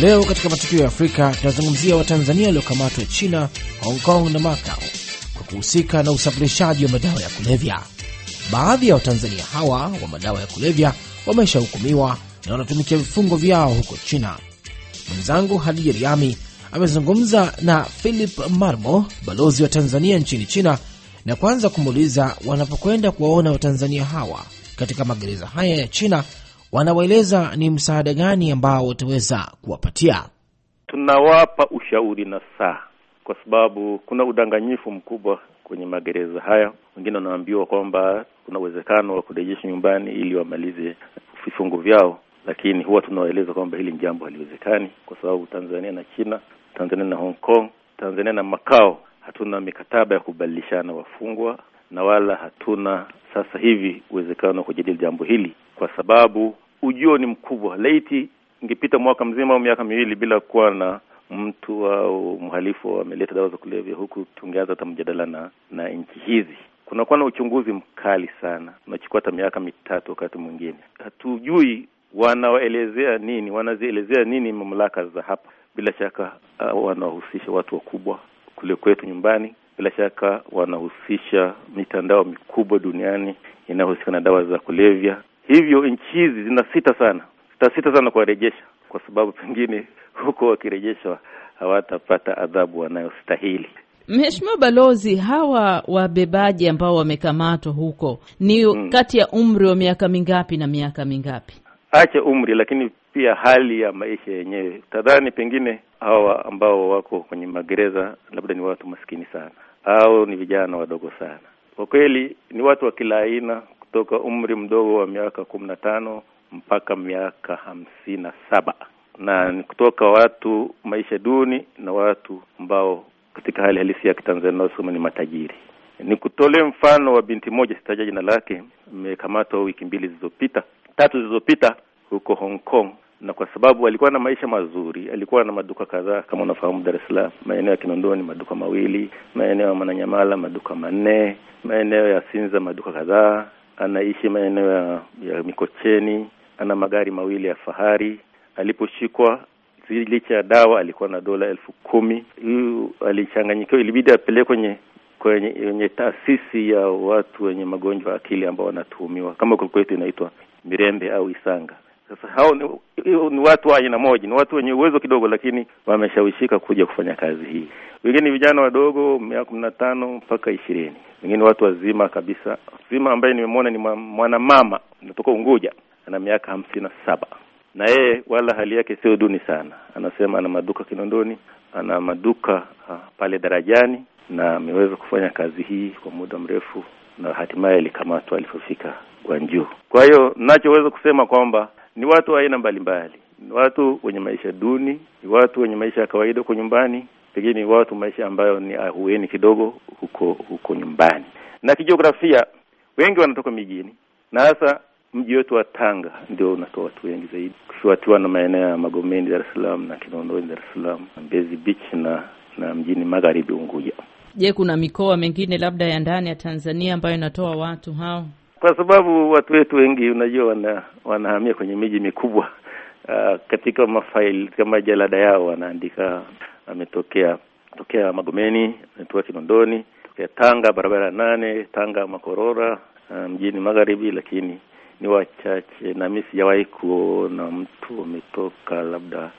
Leo katika matukio ya Afrika tunazungumzia Watanzania waliokamatwa China, Hong Kong na Macau kwa kuhusika na usafirishaji wa madawa ya kulevya. Baadhi ya Watanzania hawa wa madawa ya kulevya wameshahukumiwa na wanatumikia vifungo vyao huko China. Mwenzangu Hadija Riami amezungumza na Philip Marmo, balozi wa Tanzania nchini China, na kwanza kumuuliza wanapokwenda kuwaona Watanzania hawa katika magereza haya ya China wanawaeleza ni msaada gani ambao wataweza kuwapatia. Tunawapa ushauri na saa, kwa sababu kuna udanganyifu mkubwa kwenye magereza haya. Wengine wanaambiwa kwamba kuna uwezekano wa kurejeshwa nyumbani ili wamalize vifungo vyao, lakini huwa tunawaeleza kwamba hili jambo haliwezekani, kwa sababu Tanzania na China, Tanzania na Hong Kong, Tanzania na makao hatuna mikataba ya kubadilishana wafungwa na wala hatuna sasa hivi uwezekano wa kujadili jambo hili kwa sababu ujio ni mkubwa. Laiti ingepita mwaka mzima au miaka miwili bila kuwa na mtu au mhalifu ameleta dawa za kulevya huku, tungeanza hata mjadala na na nchi hizi. Kunakuwa na uchunguzi mkali sana, unachukua hata miaka mitatu wakati mwingine. Hatujui wanawaelezea nini, wanazielezea nini mamlaka za hapa. Bila shaka uh, wanawahusisha watu wakubwa kule kwetu nyumbani. Bila shaka wanahusisha mitandao mikubwa duniani inayohusika na dawa za kulevya. Hivyo nchi hizi zinasita sana, zitasita sana kuwarejesha, kwa sababu pengine huko wakirejeshwa hawatapata adhabu wanayostahili. Mheshimiwa Balozi, hawa wabebaji ambao wamekamatwa huko ni hmm, kati ya umri wa miaka mingapi na miaka mingapi? Acha umri, lakini pia hali ya maisha yenyewe. Tadhani pengine hawa ambao wako kwenye magereza labda ni watu maskini sana, au ni vijana wadogo sana. Kwa kweli ni watu wa kila aina, kutoka umri mdogo wa miaka kumi na tano mpaka miaka hamsini na saba na ni kutoka watu maisha duni na watu ambao katika hali halisi ya Kitanzania naosema ni matajiri. Ni kutolee mfano wa binti moja, sitaja jina lake, imekamatwa wiki mbili zilizopita, tatu zilizopita huko Hong Kong, na kwa sababu alikuwa na maisha mazuri, alikuwa na maduka kadhaa, kama unafahamu Dar es Salaam, maeneo ya Kinondoni maduka mawili, maeneo ya Mwananyamala maduka manne, maeneo ya Sinza maduka kadhaa, anaishi maeneo ya, ya Mikocheni. Ana magari mawili ya fahari. Aliposhikwa licha ya dawa alikuwa na dola elfu kumi. Huyu alichanganyikiwa, ilibidi apelekwe kwenye kwenye kwenye taasisi ya watu wenye magonjwa akili ambao wanatuhumiwa kama kwetu inaitwa Mirembe au Isanga. Sasa hao ni, ni watu wa aina moja, ni watu wenye uwezo kidogo, lakini wameshawishika kuja kufanya kazi hii. Wengine ni vijana wadogo miaka kumi na tano mpaka ishirini, wengine watu wazima kabisa. Zima ambaye nimemwona ni mwanamama natoka Unguja, ana miaka hamsini na saba na yeye wala hali yake sio duni sana. Anasema ana maduka Kinondoni, ana maduka ha, ah, pale Darajani, na ameweza kufanya kazi hii kwa muda mrefu na hatimaye alikamatwa alipofika Gwanju. Kwa hiyo nachoweza kusema kwamba ni watu wa aina mbalimbali, ni watu wenye maisha duni, ni watu wenye maisha ya kawaida huko nyumbani, pengine ni watu maisha ambayo ni ahueni kidogo huko huko nyumbani. Na kijiografia, wengi wanatoka mijini, na hasa mji wetu wa Tanga ndio unatoa watu wengi zaidi, kufuatiwa na maeneo ya Magomeni Dar es Salaam na Kinondoni Dar es Salaam, Mbezi Beach na na mjini magharibi Unguja. Je, kuna mikoa mingine labda ya ndani ya Tanzania ambayo inatoa watu hao? kwa sababu watu wetu wengi unajua wana, wanahamia kwenye miji mikubwa. Uh, katika mafaili kama jalada yao wanaandika ametokea tokea Magomeni, ametokea Kinondoni, tokea Tanga, barabara ya nane Tanga Makorora, uh, mjini Magharibi, lakini ni wachache, na mimi sijawahi kuona mtu ametoka labda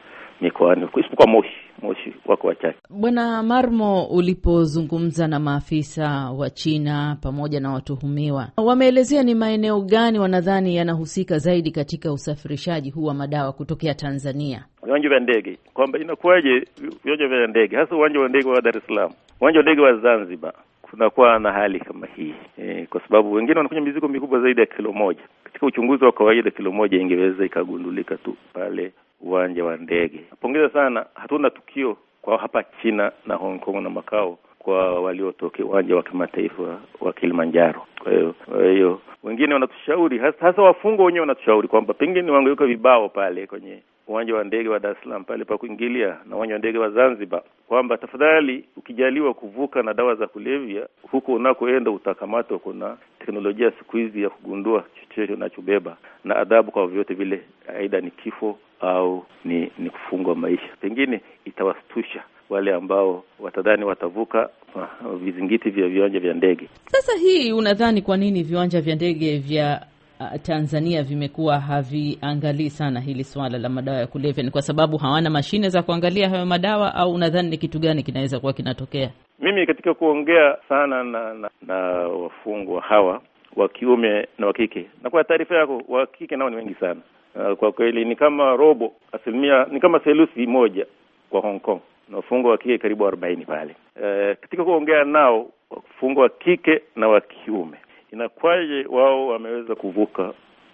mikoani, isipokuwa Moshi. Moshi wako wachache. Bwana Marmo, ulipozungumza na maafisa wa China pamoja na watuhumiwa, wameelezea ni maeneo gani wanadhani yanahusika zaidi katika usafirishaji huu wa madawa kutokea Tanzania? Viwanja vya ndege, kwamba inakuwaje viwanja vya ndege, hasa uwanja wa ndege wa Dar es Salaam, uwanja wa ndege wa Zanzibar kunakuwa na hali kama hii e, kwa sababu wengine wanakunywa mizigo mikubwa zaidi ya kilo moja. Katika uchunguzi wa kawaida, kilo moja ingeweza ikagundulika tu pale uwanja wa ndege. Napongeza sana, hatuna tukio kwa hapa China na Hong Kong na makao kwa waliotokea uwanja wa kimataifa wa Kilimanjaro. Kwa hiyo kwa hiyo wengine wanatushauri hasa, hasa wafungwa wenyewe wanatushauri kwamba pengine wangeweka vibao pale kwenye uwanja wa ndege wa Dar es Salaam pale pa kuingilia na uwanja wa ndege wa Zanzibar kwamba tafadhali, ukijaliwa kuvuka na dawa za kulevya, huko unakoenda utakamatwa. Kuna teknolojia siku hizi ya kugundua chochote unachobeba, na adhabu kwa vyote vile, aidha ni kifo au ni, ni kufungwa maisha. Pengine itawastusha wale ambao watadhani watavuka ah, vizingiti vya viwanja vya ndege. Sasa hii unadhani kwa nini viwanja vya ndege vya Uh, Tanzania vimekuwa haviangalii sana hili swala la madawa ya kulevya, ni kwa sababu hawana mashine za kuangalia hayo madawa, au unadhani ni kitu gani kinaweza kuwa kinatokea? Mimi katika kuongea sana na, na, na wafungwa hawa wa kiume na wa kike, na kwa taarifa yako wa kike nao ni wengi sana uh, kwa kweli, ni kama robo asilimia, ni kama theluthi moja kwa Hong Kong, na wafungwa wa kike karibu arobaini pale. E, katika kuongea nao wafungwa wa kike na wa kiume Inakwaje wao wameweza kuvuka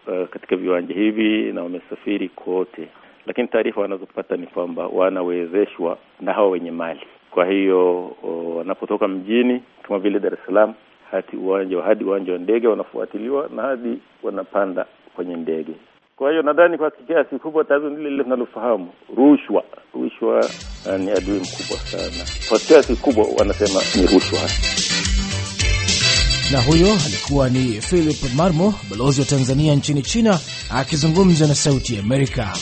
uh, katika viwanja hivi na wamesafiri kote, lakini taarifa wanazopata ni kwamba wanawezeshwa na hawa wenye mali. Kwa hiyo wanapotoka mjini kama vile Dar es Salaam hadi uwanja hadi uwanja wa ndege wanafuatiliwa na hadi wanapanda kwenye ndege. Kwa hiyo nadhani kwa kiasi kubwa tatizo ndilo lile tunalofahamu, rushwa. Rushwa eh, ni adui mkubwa sana, kwa kiasi kubwa wanasema ni rushwa na huyo alikuwa ni Philip Marmo, balozi wa Tanzania nchini China, akizungumza na Sauti ya Amerika.